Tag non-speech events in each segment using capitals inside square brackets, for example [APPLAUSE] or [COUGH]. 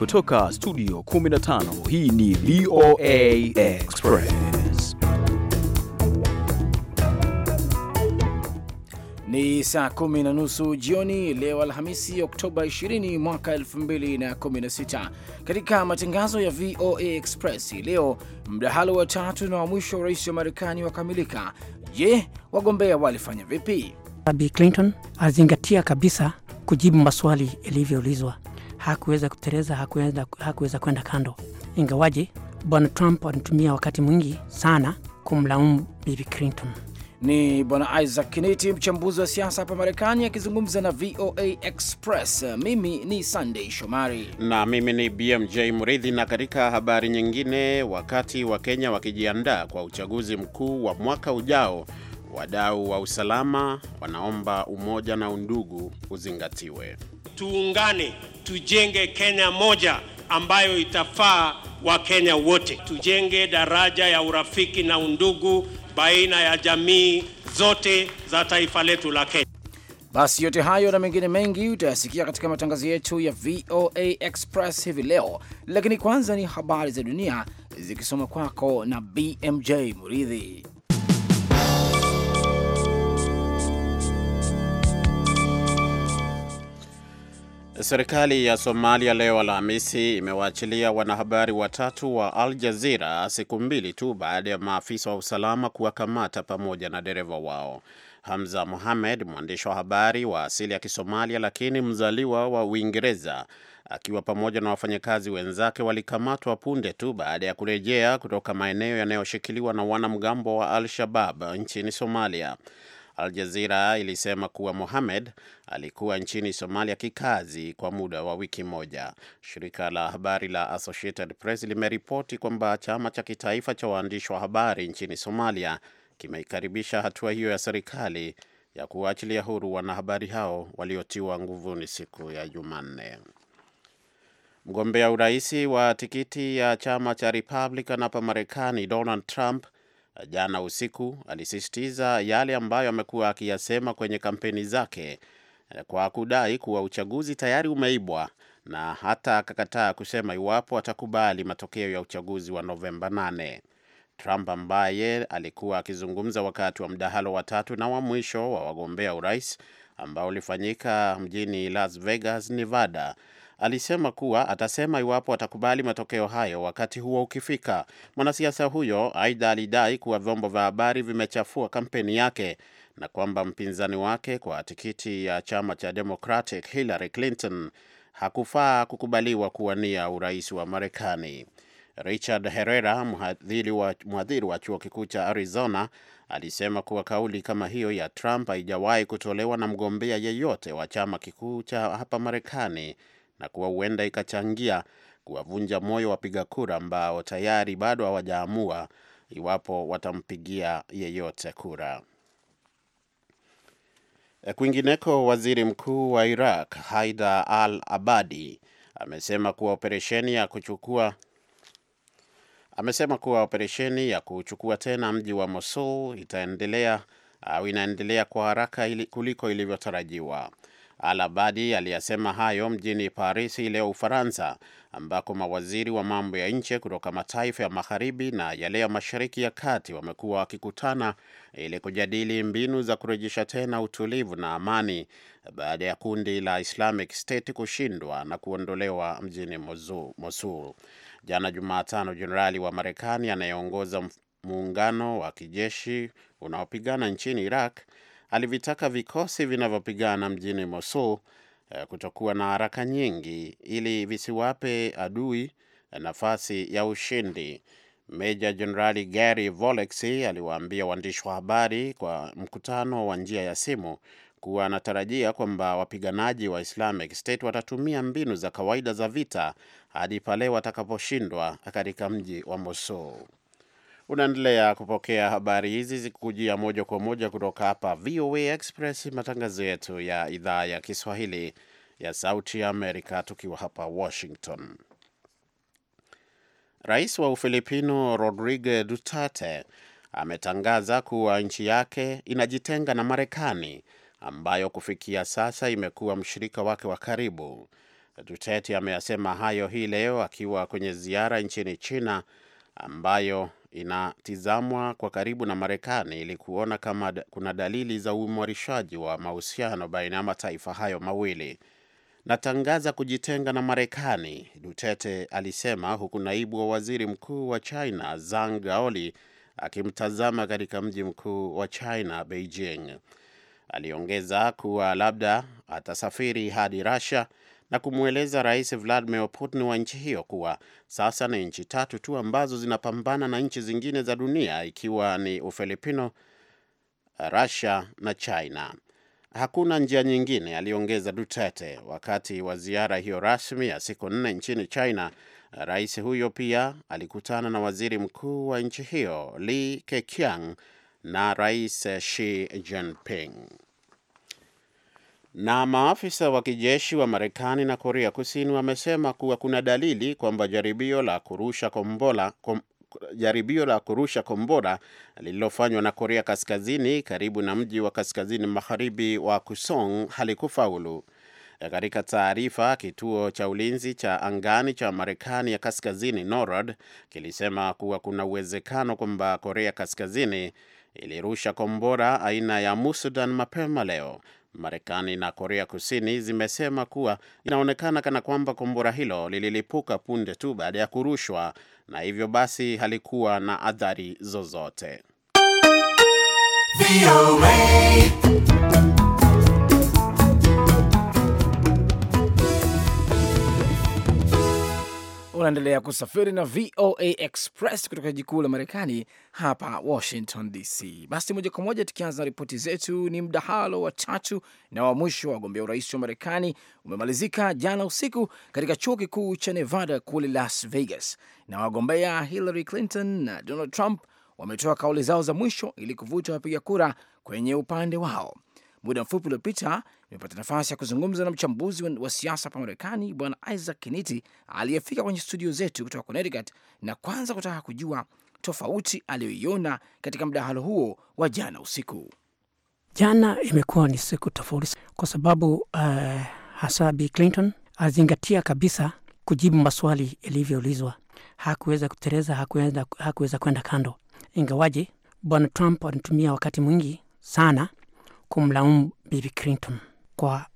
Kutoka studio 15 hii ni VOA Express. Ni saa kumi na nusu jioni leo Alhamisi, Oktoba 20 mwaka 2016. Katika matangazo ya VOA Express leo, mdahalo wa tatu na wa mwisho wa rais wa Marekani wakamilika. Je, wagombea walifanya vipi? Bill Clinton azingatia kabisa kujibu maswali yalivyoulizwa hakuweza kuteleza, hakuweza, hakuweza kwenda kando, ingawaje bwana Trump alitumia wakati mwingi sana kumlaumu bibi Clinton. Ni bwana Isaac Kiniti, mchambuzi wa siasa hapa Marekani, akizungumza na VOA Express. Mimi ni sandey Shomari na mimi ni BMJ Mridhi. Na katika habari nyingine, wakati wa Kenya wakijiandaa kwa uchaguzi mkuu wa mwaka ujao, wadau wa usalama wanaomba umoja na undugu uzingatiwe tuungane, tujenge Kenya moja ambayo itafaa Wakenya wote. Tujenge daraja ya urafiki na undugu baina ya jamii zote za taifa letu la Kenya. Basi yote hayo na mengine mengi utayasikia katika matangazo yetu ya VOA Express hivi leo, lakini kwanza ni habari za dunia zikisoma kwako na BMJ Muridhi. Serikali ya Somalia leo Alhamisi imewaachilia wanahabari watatu wa Al Jazira siku mbili tu baada ya maafisa wa usalama kuwakamata pamoja na dereva wao. Hamza Mohamed, mwandishi wa habari wa asili ya Kisomalia lakini mzaliwa wa Uingereza, akiwa pamoja na wafanyakazi wenzake walikamatwa punde tu baada ya kurejea kutoka maeneo yanayoshikiliwa na wanamgambo wa Al-Shabab nchini Somalia. Al Jazeera ilisema kuwa Mohamed alikuwa nchini Somalia kikazi kwa muda wa wiki moja. Shirika la habari la Associated Press limeripoti kwamba chama cha kitaifa cha waandishi wa habari nchini Somalia kimeikaribisha hatua hiyo ya serikali ya kuwaachilia huru wanahabari hao waliotiwa nguvuni siku ya Jumanne. Mgombea uraisi wa tikiti ya chama cha Republican hapa Marekani, Donald Trump jana usiku alisisitiza yale ambayo amekuwa akiyasema kwenye kampeni zake eh, kwa kudai kuwa uchaguzi tayari umeibwa na hata akakataa kusema iwapo atakubali matokeo ya uchaguzi wa Novemba 8. Trump ambaye alikuwa akizungumza wakati wa mdahalo wa tatu na wa mwisho wa wagombea urais ambao ulifanyika mjini Las Vegas, Nevada alisema kuwa atasema iwapo atakubali matokeo hayo wakati huo ukifika. Mwanasiasa huyo aidha alidai kuwa vyombo vya habari vimechafua kampeni yake na kwamba mpinzani wake kwa tikiti ya chama cha Democratic Hillary Clinton hakufaa kukubaliwa kuwania urais wa Marekani. Richard Herrera, mhadhiri wa, wa chuo kikuu cha Arizona, alisema kuwa kauli kama hiyo ya Trump haijawahi kutolewa na mgombea yeyote wa chama kikuu cha hapa Marekani na kuwa huenda ikachangia kuwavunja moyo wapiga kura ambao tayari bado hawajaamua iwapo watampigia yeyote kura. E, kwingineko, waziri mkuu wa Iraq Haidar al-Abadi amesema kuwa operesheni ya kuchukua amesema kuwa operesheni ya kuchukua tena mji wa Mosul itaendelea au inaendelea kwa haraka ili kuliko ilivyotarajiwa. Al-Abadi aliyasema hayo mjini Paris leo Ufaransa, ambako mawaziri wa mambo ya nje kutoka mataifa ya magharibi na yale ya mashariki ya kati wamekuwa wakikutana ili kujadili mbinu za kurejesha tena utulivu na amani baada ya kundi la Islamic State kushindwa na kuondolewa mjini Mosul. Jana Jumatano, jenerali wa Marekani anayeongoza muungano wa kijeshi unaopigana nchini Iraq alivitaka vikosi vinavyopigana mjini Mosul eh, kutokuwa na haraka nyingi ili visiwape adui eh, nafasi ya ushindi. Meja Jenerali Gary Volex aliwaambia waandishi wa habari kwa mkutano wa njia ya simu kuwa anatarajia kwamba wapiganaji wa Islamic State watatumia mbinu za kawaida za vita hadi pale watakaposhindwa katika mji wa Mosul. Unaendelea kupokea habari hizi zikikujia moja kwa moja kutoka hapa VOA Express, matangazo yetu ya idhaa ya Kiswahili ya Sauti ya Amerika, tukiwa hapa Washington. Rais wa Ufilipino Rodrigo Duterte ametangaza kuwa nchi yake inajitenga na Marekani ambayo kufikia sasa imekuwa mshirika wake wa karibu. Duterte ameyasema hayo hii leo akiwa kwenye ziara nchini China ambayo inatizamwa kwa karibu na Marekani ili kuona kama kuna dalili za uimarishaji wa mahusiano baina ya mataifa hayo mawili. Natangaza kujitenga na Marekani, Duterte alisema, huku naibu wa waziri mkuu wa China Zhang Gaoli akimtazama katika mji mkuu wa China, Beijing. Aliongeza kuwa labda atasafiri hadi Russia na kumweleza Rais Vladimir Putin wa nchi hiyo kuwa sasa ni nchi tatu tu ambazo zinapambana na nchi zingine za dunia ikiwa ni Ufilipino, Russia na China. Hakuna njia nyingine, aliongeza Duterte. Wakati wa ziara hiyo rasmi ya siku nne nchini China, rais huyo pia alikutana na waziri mkuu wa nchi hiyo Li Keqiang na rais Xi Jinping. Na maafisa wa kijeshi wa Marekani na Korea Kusini wamesema kuwa kuna dalili kwamba jaribio la kurusha kombora kom, jaribio la kurusha kombora lililofanywa na Korea Kaskazini karibu na mji wa kaskazini magharibi wa Kusong halikufaulu. Katika taarifa, kituo cha ulinzi cha angani cha Marekani ya Kaskazini, NORAD, kilisema kuwa kuna uwezekano kwamba Korea Kaskazini ilirusha kombora aina ya Musudan mapema leo. Marekani na Korea Kusini zimesema kuwa inaonekana kana kwamba kombora hilo lililipuka punde tu baada ya kurushwa na hivyo basi halikuwa na athari zozote. Unaendelea kusafiri na VOA Express kutoka jiji kuu la Marekani hapa Washington DC. Basi moja kwa moja tukianza na ripoti zetu, ni mdahalo wa tatu na wa mwisho wa wagombea urais wa Marekani umemalizika jana usiku katika chuo kikuu cha Nevada kule Las Vegas, na wagombea Hillary Clinton na Donald Trump wametoa kauli zao za mwisho ili kuvuta wapiga kura kwenye upande wao. Muda mfupi uliopita nimepata nafasi ya kuzungumza na mchambuzi wa siasa hapa Marekani, Bwana Isaac Kiniti aliyefika kwenye studio zetu kutoka Connecticut, na kwanza kutaka kujua tofauti aliyoiona katika mdahalo huo wa jana usiku. Jana imekuwa ni siku tofauti kwa sababu uh, hasa Bi Clinton alizingatia kabisa kujibu maswali yalivyoulizwa. Hakuweza kutereza, hakuweza, hakuweza kwenda kando, ingawaje Bwana Trump alitumia wakati mwingi sana kumlaumu Bibi Clinton kwa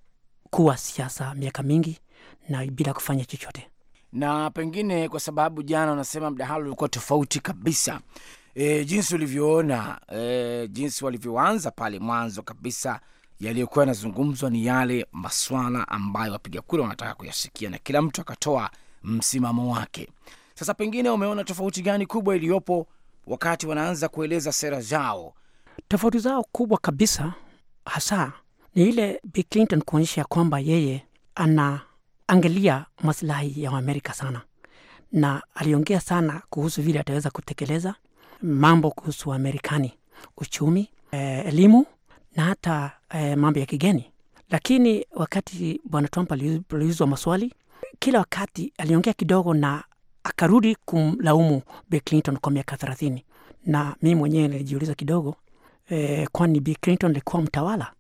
kuwa siasa miaka mingi na bila kufanya chochote, na pengine kwa sababu jana unasema mdahalo ulikuwa tofauti kabisa. E, jinsi ulivyoona, e, jinsi walivyoanza pale mwanzo kabisa, yaliyokuwa yanazungumzwa ni yale maswala ambayo wapiga kura wanataka kuyasikia na kila mtu akatoa msimamo wake. Sasa pengine umeona tofauti gani kubwa iliyopo wakati wanaanza kueleza sera zao? Tofauti zao kubwa kabisa hasa ni ile Bi Clinton kuonyesha ya kwamba yeye anaangalia masilahi ya wamerika sana, na aliongea sana kuhusu vile ataweza kutekeleza mambo kuhusu wamerikani uchumi, eh, elimu na hata e, mambo ya kigeni. Lakini wakati bwana Trump aliulizwa maswali, kila wakati aliongea kidogo na akarudi kumlaumu Bi Clinton kwa miaka thelathini, na mii mwenyewe nilijiuliza kidogo eh, kwani b Clinton alikuwa mtawala.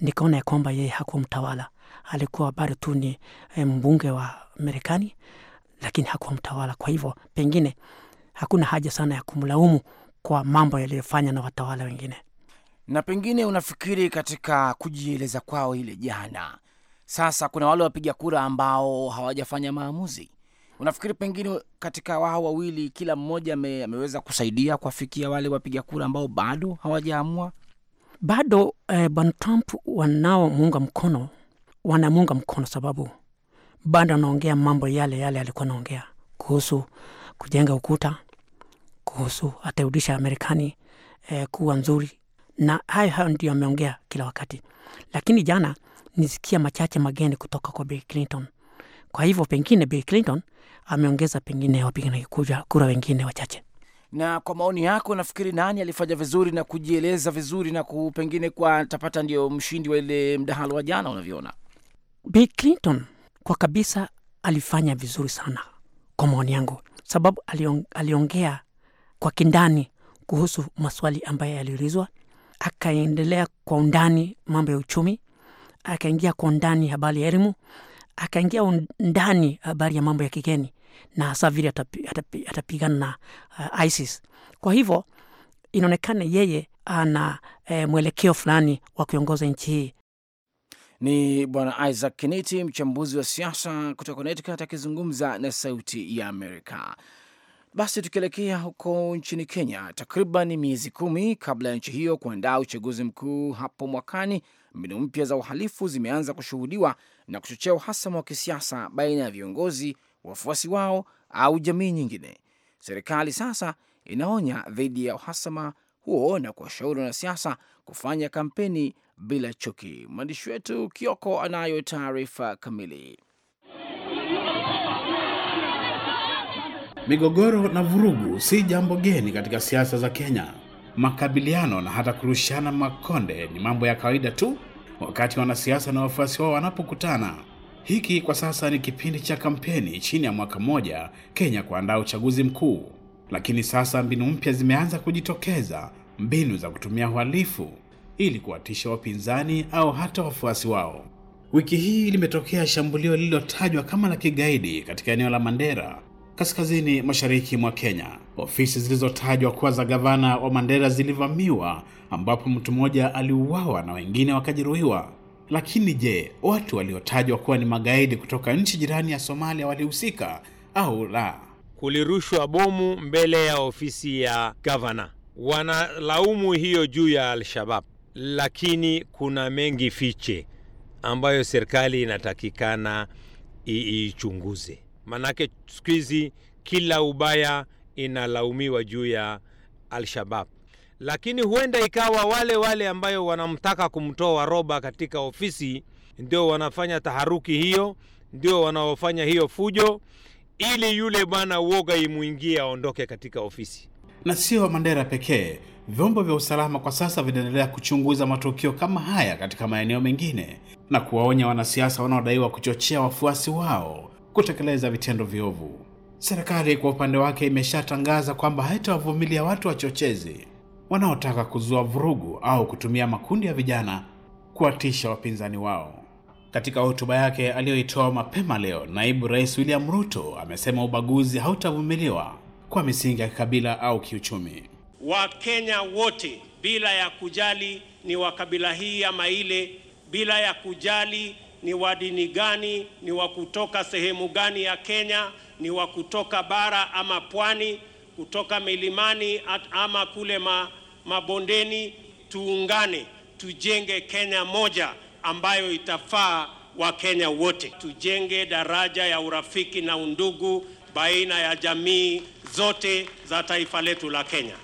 Nikaona ya kwamba yeye hakuwa mtawala, alikuwa bado tu ni eh, mbunge wa Marekani, lakini hakuwa mtawala. Kwa hivyo pengine hakuna haja sana ya kumlaumu kwa mambo yaliyofanya na watawala wengine. Na pengine unafikiri katika kujieleza kwao ile jana, sasa kuna wale wapiga kura ambao hawajafanya maamuzi Unafikiri pengine katika wao wawili kila mmoja me, ameweza kusaidia kuwafikia wale wapiga kura ambao bado hawajaamua? Bado eh, bwana Trump wanaomuunga mkono wanamuunga mkono, sababu bado anaongea mambo yale yale alikuwa anaongea kuhusu kujenga ukuta, kuhusu ataudisha Marekani eh, kuwa nzuri, na hayo hayo ndio ameongea kila wakati, lakini jana nisikia machache mageni kutoka kwa Bill Clinton. Kwa hivyo pengine Bill Clinton ameongeza pengine wapiganaji kura wengine wachache. Na kwa maoni yako, nafikiri nani alifanya vizuri na kujieleza vizuri na pengine kwa tapata ndio mshindi wa ile mdahalo wa jana? Unavyoona, Bi Clinton kwa kabisa alifanya vizuri sana kwa maoni yangu, sababu aliongea kwa kindani kuhusu maswali ambayo yaliulizwa, akaendelea kwa undani mambo ya uchumi, akaingia kwa undani habari ya elimu, akaingia undani habari ya mambo ya kigeni, na hasa vile atapigana na uh, ISIS. Kwa hivyo inaonekana yeye ana e, mwelekeo fulani wa kuiongoza nchi hii. Ni Bwana Isaac Kiniti, mchambuzi wa siasa kutoka Connecticut, akizungumza na Sauti ya Amerika. Basi tukielekea huko nchini Kenya, takriban miezi kumi kabla ya nchi hiyo kuandaa uchaguzi mkuu hapo mwakani, mbinu mpya za uhalifu zimeanza kushuhudiwa na kuchochea uhasama wa kisiasa baina ya viongozi wafuasi wao au jamii nyingine. Serikali sasa inaonya dhidi ya uhasama huo na kuwashauri wanasiasa kufanya kampeni bila chuki. Mwandishi wetu Kioko anayo taarifa kamili. Migogoro na vurugu si jambo geni katika siasa za Kenya. Makabiliano na hata kurushana makonde ni mambo ya kawaida tu wakati wanasiasa na wafuasi wao wanapokutana hiki kwa sasa ni kipindi cha kampeni chini ya mwaka mmoja Kenya kuandaa uchaguzi mkuu, lakini sasa mbinu mpya zimeanza kujitokeza, mbinu za kutumia uhalifu ili kuwatisha wapinzani au hata wafuasi wao. Wiki hii limetokea shambulio lililotajwa kama la kigaidi katika eneo la Mandera, kaskazini mashariki mwa Kenya. Ofisi zilizotajwa kuwa za gavana wa Mandera zilivamiwa, ambapo mtu mmoja aliuawa na wengine wakajeruhiwa. Lakini je, watu waliotajwa kuwa ni magaidi kutoka nchi jirani ya Somalia walihusika au la? Kulirushwa bomu mbele ya ofisi ya gavana. Wanalaumu hiyo juu ya Al-Shabab, lakini kuna mengi fiche ambayo serikali inatakikana iichunguze, manake siku hizi kila ubaya inalaumiwa juu ya Al-Shabab lakini huenda ikawa wale wale ambayo wanamtaka kumtoa Roba katika ofisi ndio wanafanya taharuki hiyo, ndio wanaofanya hiyo fujo, ili yule bwana uoga imwingie aondoke katika ofisi. Na sio Mandera pekee, vyombo vya usalama kwa sasa vinaendelea kuchunguza matukio kama haya katika maeneo mengine na kuwaonya wanasiasa wanaodaiwa kuchochea wafuasi wao kutekeleza vitendo viovu. Serikali kwa upande wake imeshatangaza kwamba haitawavumilia watu wachochezi wanaotaka kuzua vurugu au kutumia makundi ya vijana kuwatisha wapinzani wao. Katika hotuba yake aliyoitoa mapema leo, naibu rais William Ruto amesema ubaguzi hautavumiliwa kwa misingi ya kikabila au kiuchumi. Wakenya wote bila ya kujali ni wa kabila hii ama ile, bila ya kujali ni wa dini gani, ni wa kutoka sehemu gani ya Kenya, ni wa kutoka bara ama pwani, kutoka milimani ama kule ma mabondeni, tuungane, tujenge Kenya moja ambayo itafaa Wakenya wote. Tujenge daraja ya urafiki na undugu baina ya jamii zote za taifa letu la Kenya.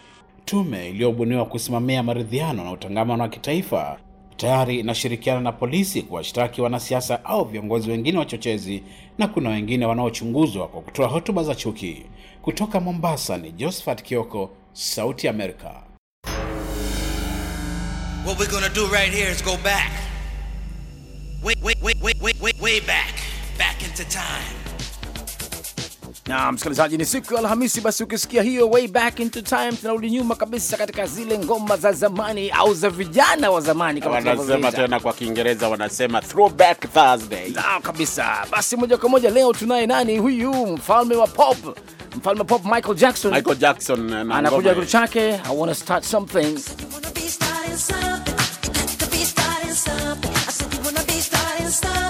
Tume iliyobuniwa kusimamia maridhiano na utangamano wa kitaifa tayari inashirikiana na polisi kuwashtaki wanasiasa au viongozi wengine wachochezi, na kuna wengine wanaochunguzwa kwa kutoa hotuba za chuki. Kutoka Mombasa ni Josephat Kioko, Sauti ya Amerika. What we're gonna do right here is go back. Wait, wait, wait, wait, wait, wait, way back. Back into time. Na msikilizaji, ni siku ya Alhamisi. Basi ukisikia hiyo way back into time, tunarudi nyuma kabisa katika zile ngoma za zamani au za vijana wa zamani, kama wanasema tena kwa Kiingereza wanasema throwback Thursday. Na kabisa, basi moja kwa moja leo tunaye nani huyu, mfalme wa pop, mfalme wa pop Michael Jackson. Michael Jackson eh, anakuja kitu chake, I wanna start something I wanna be something. I said you wanna be starting something.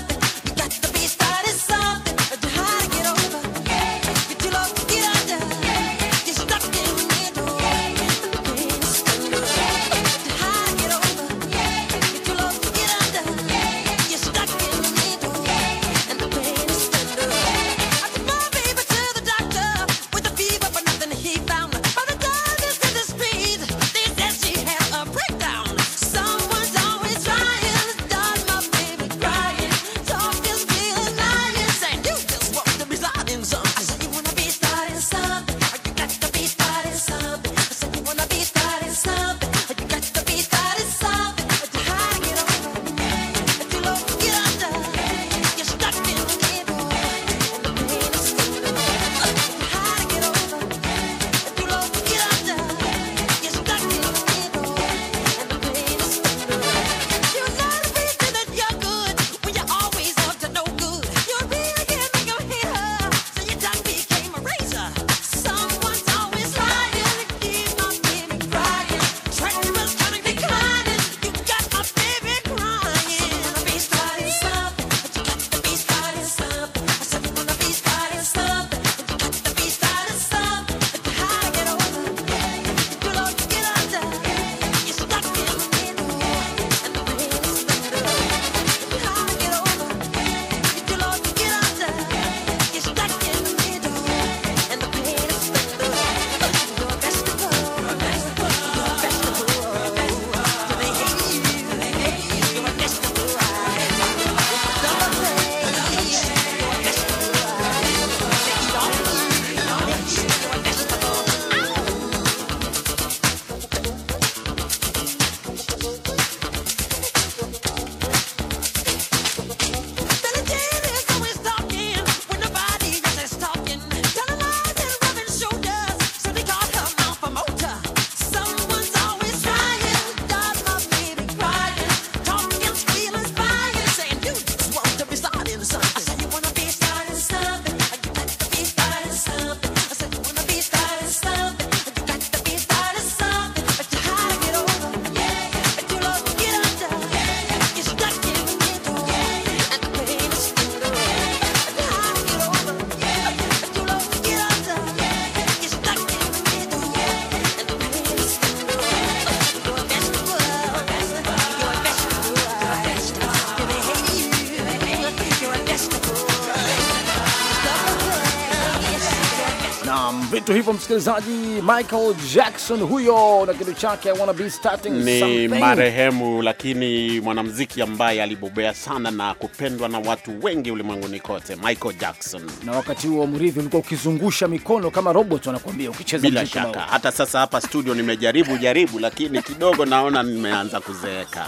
hivyo msikilizaji, Michael Jackson huyo na kitu chake wanna be starting ni something. Marehemu lakini mwanamuziki ambaye alibobea sana na kupendwa na watu wengi ulimwenguni kote, Michael Jackson. Na wakati huo mridhi ulikuwa ukizungusha mikono kama robot, wanakuambia ukicheza. Bila shaka hata sasa hapa studio nimejaribu jaribu, lakini kidogo naona nimeanza kuzeeka.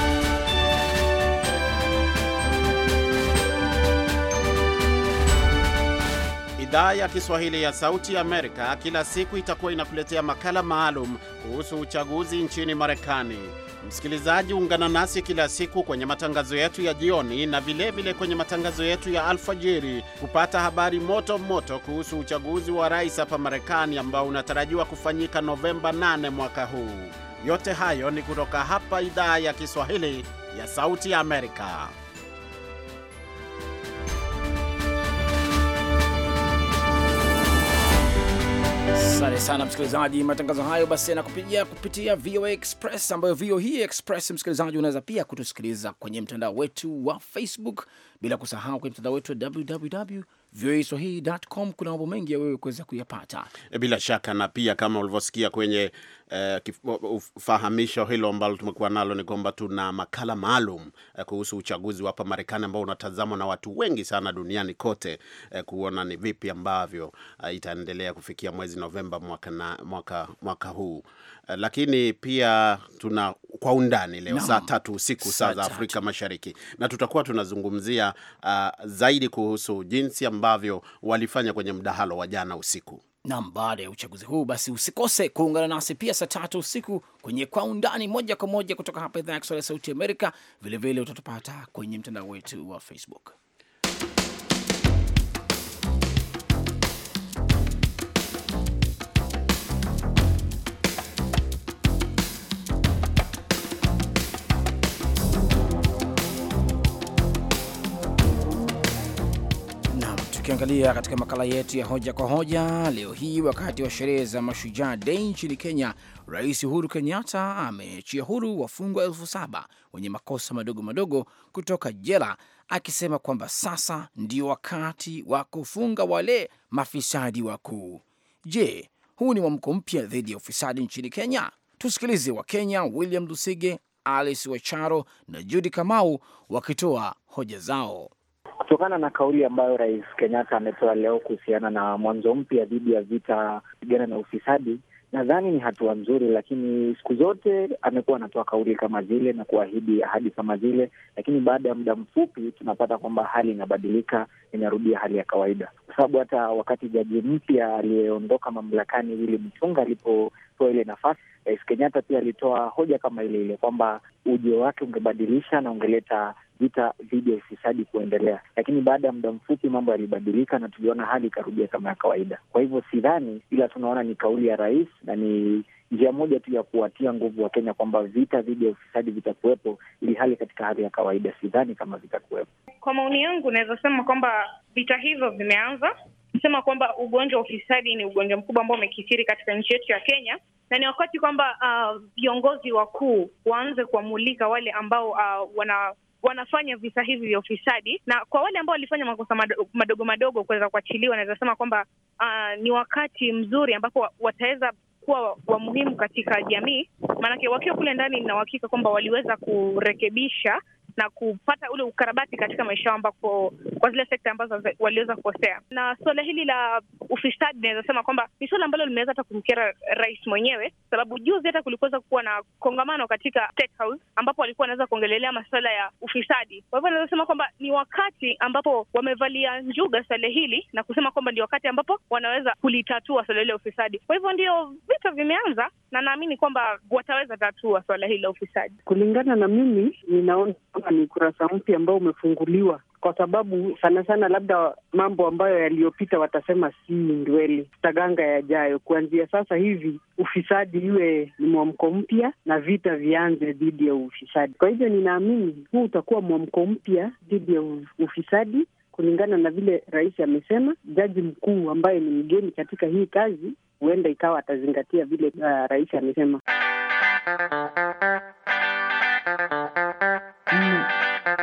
[LAUGHS] [LAUGHS] Idhaa ya Kiswahili ya Sauti Amerika kila siku itakuwa inakuletea makala maalum kuhusu uchaguzi nchini Marekani. Msikilizaji, ungana nasi kila siku kwenye matangazo yetu ya jioni na vilevile vile kwenye matangazo yetu ya alfajiri kupata habari moto moto kuhusu uchaguzi wa rais hapa Marekani ambao unatarajiwa kufanyika Novemba 8 mwaka huu. Yote hayo ni kutoka hapa Idhaa ya Kiswahili ya Sauti Amerika. Asante sana msikilizaji, matangazo hayo basi yanakupigia kupitia VOA Express, ambayo VOA hii Express msikilizaji, unaweza pia kutusikiliza kwenye mtandao wetu wa Facebook, bila kusahau kwenye mtandao wetu wa www voaswahili.com. Kuna mambo mengi ya wewe kuweza kuyapata bila shaka, na pia kama ulivyosikia kwenye Eh, ufahamisho hilo ambalo tumekuwa nalo ni kwamba tuna makala maalum eh, kuhusu uchaguzi wa hapa Marekani ambao unatazamwa na watu wengi sana duniani kote eh, kuona ni vipi ambavyo itaendelea kufikia mwezi Novemba mwaka, na, mwaka, mwaka huu. Lakini pia tuna kwa undani leo no. saa tatu usiku saa za Afrika Mashariki, na tutakuwa tunazungumzia uh, zaidi kuhusu jinsi ambavyo walifanya kwenye mdahalo wa jana usiku. Nam, baada ya uchaguzi huu basi usikose kuungana nasi pia saa tatu usiku kwenye Kwa Undani, moja kwa moja kutoka hapa idhaa ya Kiswahili ya Sauti Amerika. Vilevile utatupata kwenye mtandao wetu wa Facebook. tukiangalia katika makala yetu ya hoja kwa hoja leo hii, wakati wa sherehe za Mashujaa Dei nchini Kenya, Rais Uhuru Kenyatta ameachia huru wafungwa elfu saba wenye makosa madogo madogo kutoka jela, akisema kwamba sasa ndio wakati wa kufunga wale mafisadi wakuu. Je, huu ni mwamko mpya dhidi ya ufisadi nchini Kenya? Tusikilize Wakenya William Lusige, Alice Wacharo na judi Kamau wakitoa hoja zao. Kutokana na kauli ambayo Rais Kenyatta ametoa leo kuhusiana na mwanzo mpya dhidi ya vita pigana na ufisadi, nadhani ni hatua nzuri, lakini siku zote amekuwa anatoa kauli kama zile na kuahidi ahadi kama zile, lakini baada ya muda mfupi tunapata kwamba hali inabadilika, inarudia hali ya kawaida, kwa sababu hata wakati jaji mpya aliyeondoka mamlakani Willy Mutunga alipotoa ile nafasi, Rais Kenyatta pia alitoa hoja kama ile ile kwamba ujio wake ungebadilisha na ungeleta vita dhidi ya ufisadi kuendelea, lakini baada ya muda mfupi mambo yalibadilika na tuliona hali ikarudia kama ya kawaida. Kwa hivyo sidhani, ila tunaona ni kauli ya rais na ni njia moja tu ya kuwatia nguvu Wakenya kwamba vita dhidi ya ufisadi vitakuwepo, ili hali katika hali ya kawaida sidhani kama vitakuwepo. Kwa maoni yangu, naweza sema kwamba vita hivyo vimeanza sema kwamba ugonjwa wa ufisadi ni ugonjwa mkubwa ambao umekithiri katika nchi yetu ya Kenya, na ni wakati kwamba ah, viongozi wakuu waanze kuwamulika wale ambao uh, wana wanafanya visa hivi vya ufisadi, na kwa wale ambao walifanya makosa madogo madogo, madogo kuweza kuachiliwa, naweza sema kwamba uh, ni wakati mzuri ambapo wataweza kuwa wa muhimu katika jamii, maanake wakiwa kule ndani, nina uhakika kwamba waliweza kurekebisha na kupata ule ukarabati katika maisha yao, ambapo kwa zile sekta ambazo waliweza kukosea. Na suala hili la ufisadi, inaweza sema kwamba ni suala ambalo limeweza hata kumkera rais mwenyewe, sababu juzi hata kulikuweza kuwa na kongamano katika State House, ambapo walikuwa wanaweza kuongelelea masuala ya ufisadi. Kwa hivyo naweza sema kwamba ni wakati ambapo wamevalia njuga swale hili na kusema kwamba ni wakati ambapo wanaweza kulitatua swala hili la ufisadi. Kwa hivyo ndio vita vimeanza, na naamini kwamba wataweza tatua swala hili la ufisadi. Kulingana na mimi, ninaona kwamba ni ukurasa mpya ambao umefunguliwa kwa sababu sana sana labda mambo ambayo yaliyopita watasema si ndwele, taganga yajayo. Kuanzia sasa hivi ufisadi iwe ni mwamko mpya na vita vianze dhidi ya ufisadi. Kwa hivyo ninaamini huu utakuwa mwamko mpya dhidi ya ufisadi kulingana na vile rais amesema. Jaji mkuu ambaye ni mgeni katika hii kazi, huenda ikawa atazingatia vile uh, rais amesema. Nam, hii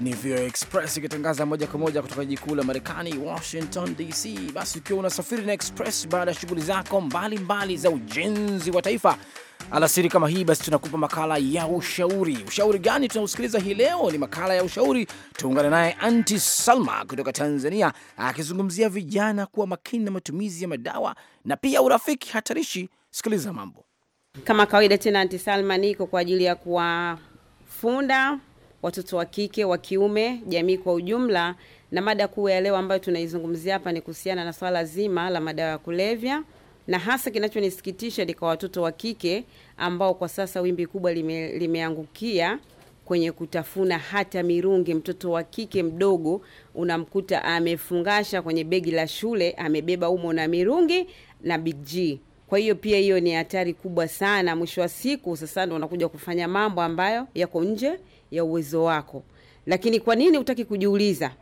ni VOA Express ikitangaza moja kwa moja kutoka jiji kuu la Marekani, Washington DC. Basi ukiwa unasafiri na Express baada ya shughuli zako mbalimbali za ujenzi wa taifa alasiri kama hii, basi tunakupa makala ya ushauri. Ushauri gani tunausikiliza hii leo? Ni makala ya ushauri. Tuungane naye Anti Salma kutoka Tanzania akizungumzia vijana kuwa makini na matumizi ya madawa na pia urafiki hatarishi. Sikiliza mambo kama kawaida tena. Anti Salma, niko kwa ajili ya kuwafunda watoto wa kike wa kiume, jamii kwa ujumla, na mada kuu ya leo ambayo tunaizungumzia hapa ni kuhusiana na swala zima la madawa ya kulevya na hasa kinachonisikitisha ni kwa watoto wa kike ambao kwa sasa wimbi kubwa lime, limeangukia kwenye kutafuna hata mirungi. Mtoto wa kike mdogo unamkuta amefungasha kwenye begi la shule, amebeba umo na mirungi na G. Kwa hiyo pia hiyo ni hatari kubwa sana. Mwisho wa siku, sasa ndo unakuja kufanya mambo ambayo yako nje ya uwezo wako, lakini kwa nini utaki kujiuliza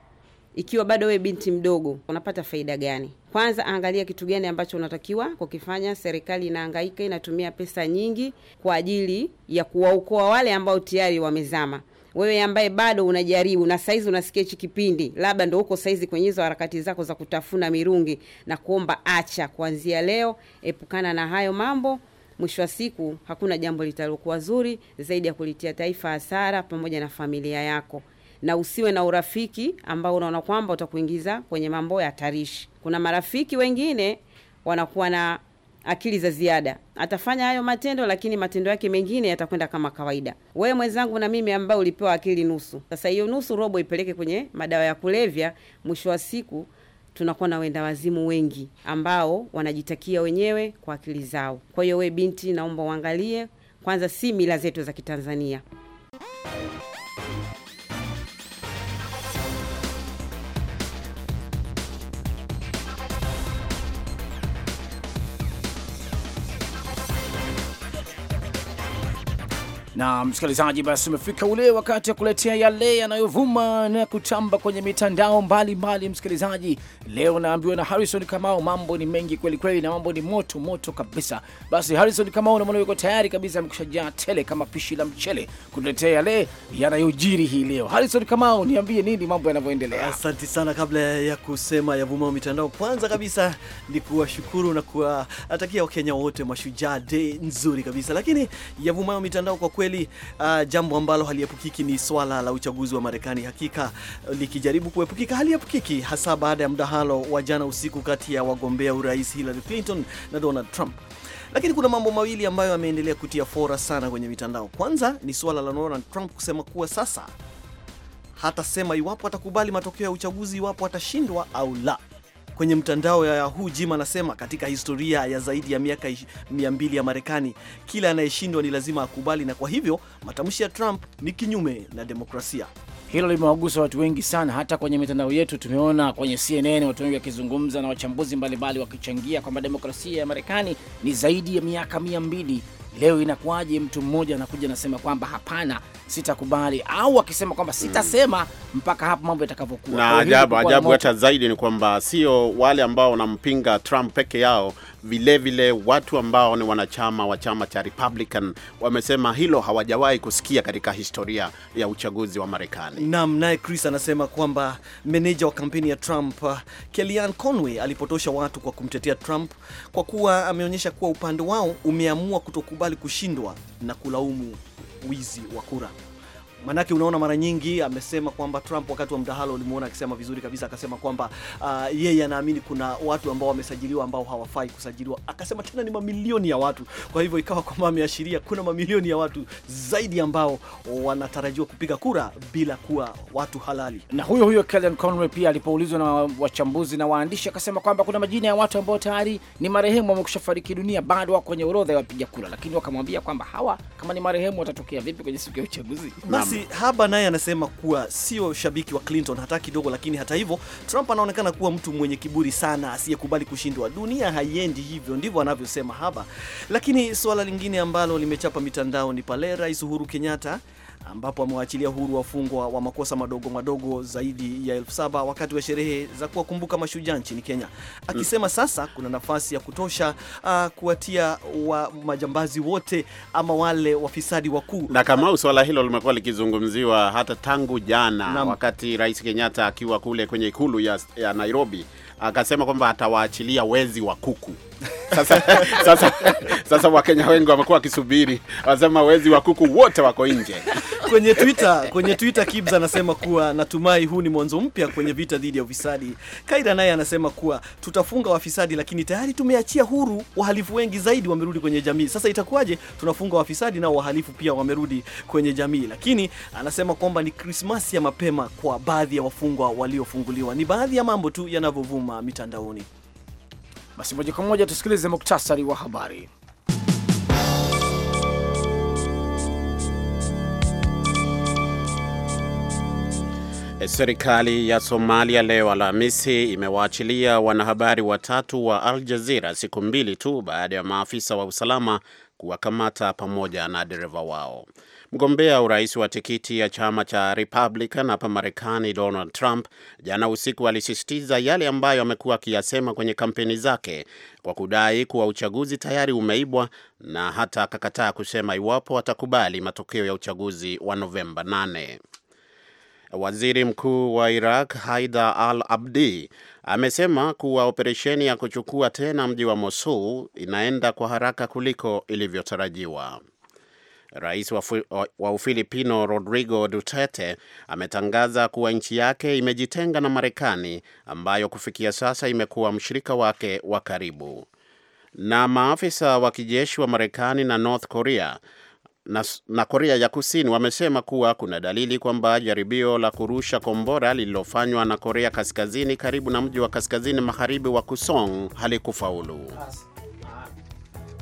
ikiwa bado we binti mdogo, unapata faida gani? Kwanza angalia kitu gani ambacho unatakiwa kukifanya. Serikali inaangaika inatumia pesa nyingi kwa ajili ya kuwaokoa wale ambao tayari wamezama. Wewe ambaye bado unajaribu na saizi unasikia hichi kipindi, labda ndo uko saizi kwenye hizo harakati zako za kutafuna mirungi na kuomba, acha kuanzia leo, epukana na hayo mambo. Mwisho wa siku hakuna jambo litalokuwa zuri zaidi ya kulitia taifa hasara pamoja na familia yako na usiwe na urafiki ambao unaona kwamba utakuingiza kwenye mambo ya tarishi. Kuna marafiki wengine wanakuwa na akili za ziada, atafanya hayo matendo, lakini matendo yake mengine yatakwenda kama kawaida. Wewe mwenzangu na mimi ambaye ulipewa akili nusu, sasa hiyo nusu robo ipeleke kwenye madawa ya kulevya, mwisho wa siku tunakuwa na wenda wazimu wengi ambao wanajitakia wenyewe kwa akili zao. Kwa hiyo we binti, naomba uangalie kwanza, si mila zetu za Kitanzania. na msikilizaji, basi umefika ule wakati wa kuletea yale yanayovuma na kutamba kwenye mitandao mbalimbali. Msikilizaji, leo naambiwa na Harrison Kamau, mambo ni mengi kweli kweli, na mambo ni moto moto kabisa. Basi Harrison Kamau, namana yuko tayari kabisa, amekushajaa tele kama pishi la mchele kutuletea yale yanayojiri hii leo. Harrison Kamau, niambie nini mambo yanavyoendelea? Asante sana. Kabla ya kusema yavuma mitandao, kwanza kabisa ni kuwashukuru na kuwatakia Wakenya wote mashujaa day nzuri kabisa, lakini yavuma mitandao kwa kweli, uh, jambo ambalo haliepukiki ni swala la uchaguzi wa Marekani. Hakika uh, likijaribu kuepukika, haliepukiki hasa baada ya mdahalo wa jana usiku kati ya wagombea urais Hillary Clinton na Donald Trump. Lakini kuna mambo mawili ambayo yameendelea kutia fora sana kwenye mitandao. Kwanza ni swala la Donald Trump kusema kuwa sasa hatasema iwapo atakubali matokeo ya uchaguzi iwapo atashindwa au la kwenye mtandao ya Yahoo, Jim anasema katika historia ya zaidi ya miaka 200 ya Marekani, kila anayeshindwa ni lazima akubali, na kwa hivyo matamshi ya Trump ni kinyume na demokrasia. Hilo limewagusa watu wengi sana, hata kwenye mitandao yetu tumeona kwenye CNN watu wengi wakizungumza na wachambuzi mbalimbali wakichangia kwamba demokrasia ya Marekani ni zaidi ya miaka mia mbili Leo inakuwaje mtu mmoja anakuja anasema kwamba hapana, sitakubali au akisema kwamba sitasema hmm. mpaka hapo mambo yatakavyokuwa. Na ajabu ajabu hata zaidi ni kwamba sio wale ambao wanampinga Trump peke yao Vilevile vile watu ambao ni wanachama wa chama cha Republican wamesema hilo hawajawahi kusikia katika historia ya uchaguzi wa Marekani. Naam, naye Chris anasema kwamba meneja wa kampeni ya Trump uh, Kellyanne Conway alipotosha watu kwa kumtetea Trump kwa kuwa ameonyesha kuwa upande wao umeamua kutokubali kushindwa na kulaumu wizi wa kura. Manake unaona mara nyingi amesema kwamba Trump wakati wa mdahalo ulimuona akisema vizuri kabisa, akasema kwamba uh, yeye anaamini kuna watu ambao wamesajiliwa ambao hawafai kusajiliwa, akasema tena ni mamilioni ya watu. Kwa hivyo ikawa kwamba ameashiria kuna mamilioni ya watu zaidi ambao wanatarajiwa kupiga kura bila kuwa watu halali. Na huyo huyo Kellyanne Conway pia alipoulizwa na wachambuzi na waandishi akasema kwamba kuna majina ya watu ambao tayari ni marehemu, wamekusha fariki dunia, bado wako kwenye orodha ya wapiga kura, lakini wakamwambia kwamba hawa kama ni marehemu watatokea vipi kwenye siku ya uchaguzi? Basi Haba naye anasema kuwa sio shabiki wa Clinton hata kidogo, lakini hata hivyo Trump anaonekana kuwa mtu mwenye kiburi sana asiyekubali kushindwa. Dunia haiendi hivyo, ndivyo anavyosema Haba. Lakini suala lingine ambalo limechapa mitandao ni pale Rais Uhuru Kenyatta ambapo amewaachilia huru wafungwa wa makosa madogo madogo zaidi ya elfu saba wakati wa sherehe za kuwakumbuka mashujaa nchini Kenya, akisema sasa kuna nafasi ya kutosha uh, kuwatia wa majambazi wote ama wale wafisadi wakuu. Na kama swala hilo limekuwa likizungumziwa hata tangu jana na, wakati Rais Kenyatta akiwa kule kwenye ikulu ya, ya Nairobi akasema kwamba atawaachilia wezi wa kuku. Sasa, sasa, sasa Wakenya wengi wamekuwa wakisubiri, wasema wezi wa kuku wote wako nje kwenye Twitter, kwenye Twitter Kibz anasema kuwa natumai huu ni mwanzo mpya kwenye vita dhidi ya ufisadi. Kaida naye anasema kuwa tutafunga wafisadi, lakini tayari tumeachia huru wahalifu wengi zaidi, wamerudi kwenye jamii. Sasa itakuwaje? Tunafunga wafisadi nao wahalifu pia wamerudi kwenye jamii. Lakini anasema kwamba ni Krismasi ya mapema kwa baadhi ya wafungwa waliofunguliwa. Ni baadhi ya mambo tu yanavyovuma mitandaoni. Basi moja kwa moja tusikilize muktasari wa habari. Eh, serikali ya Somalia leo Alhamisi imewaachilia wanahabari watatu wa Al Jazeera siku mbili tu baada ya maafisa wa usalama kuwakamata pamoja na dereva wao. Mgombea urais wa tikiti ya chama cha Republican hapa Marekani, Donald Trump jana usiku alisisitiza yale ambayo amekuwa akiyasema kwenye kampeni zake kwa kudai kuwa uchaguzi tayari umeibwa, na hata akakataa kusema iwapo atakubali matokeo ya uchaguzi wa Novemba 8. Waziri Mkuu wa Iraq Haidar Al Abdi amesema kuwa operesheni ya kuchukua tena mji wa Mosul inaenda kwa haraka kuliko ilivyotarajiwa. Rais wa Ufilipino Rodrigo Duterte ametangaza kuwa nchi yake imejitenga na Marekani ambayo kufikia sasa imekuwa mshirika wake wa karibu. Na maafisa wa kijeshi wa Marekani na North Korea na, na Korea ya Kusini wamesema kuwa kuna dalili kwamba jaribio la kurusha kombora lililofanywa na Korea Kaskazini karibu na mji wa kaskazini magharibi wa Kusong halikufaulu.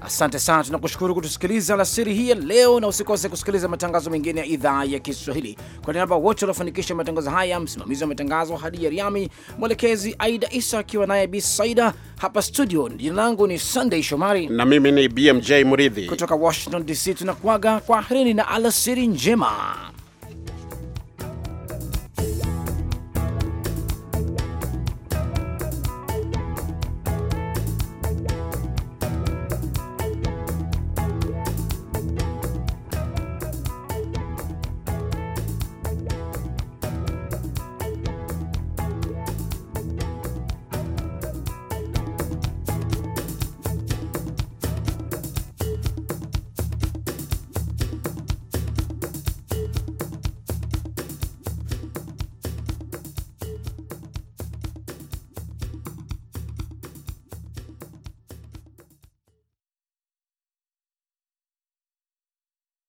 Asante sana, tunakushukuru kutusikiliza alasiri hii ya leo, na usikose kusikiliza matangazo mengine ya idhaa ya Kiswahili. Kwa niaba wote waliofanikisha matangazo haya, msimamizi wa matangazo hadi ya Riami, mwelekezi Aida Isa akiwa naye Bi Saida hapa studio. Jina langu ni Sunday Shomari na mimi ni BMJ Muridhi kutoka Washington DC. Tunakuaga kwa kwaherini na alasiri njema.